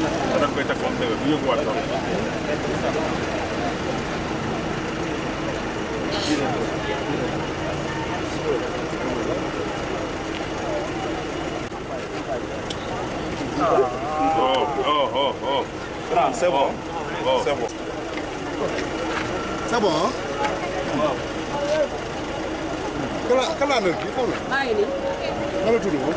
te da nga koy teg ba mu dëgër du yënguwaat lool. oh oh oh oh. ah c'est bon. oh c'est bon. c'est bon. waaw. kala kala àndal kii xaw ma. maa ngi nii. nga la tudd moom.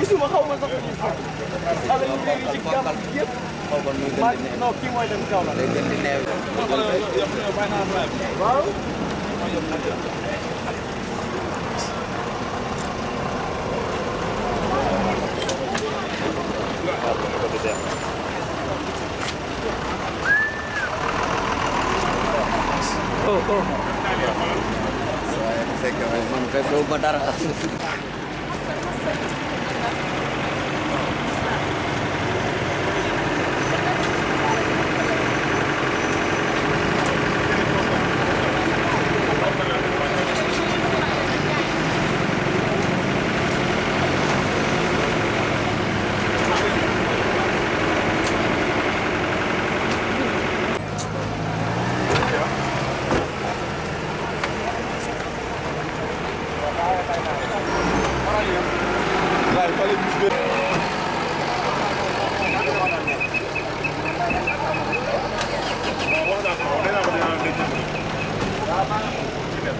gisuma xaw ma sax ko ñu fekk xale yi léegi ci gàpp yëpp maa ngi non kii mooy dem kaw la waaw Oh, oh. waaye bu fekkee man fekkewu ma dara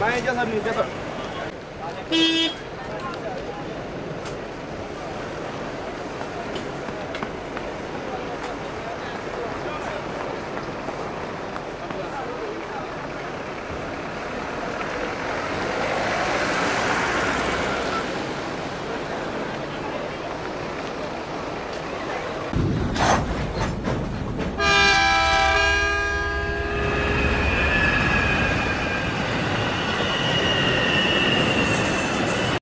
Bye, just a minute, just a minute.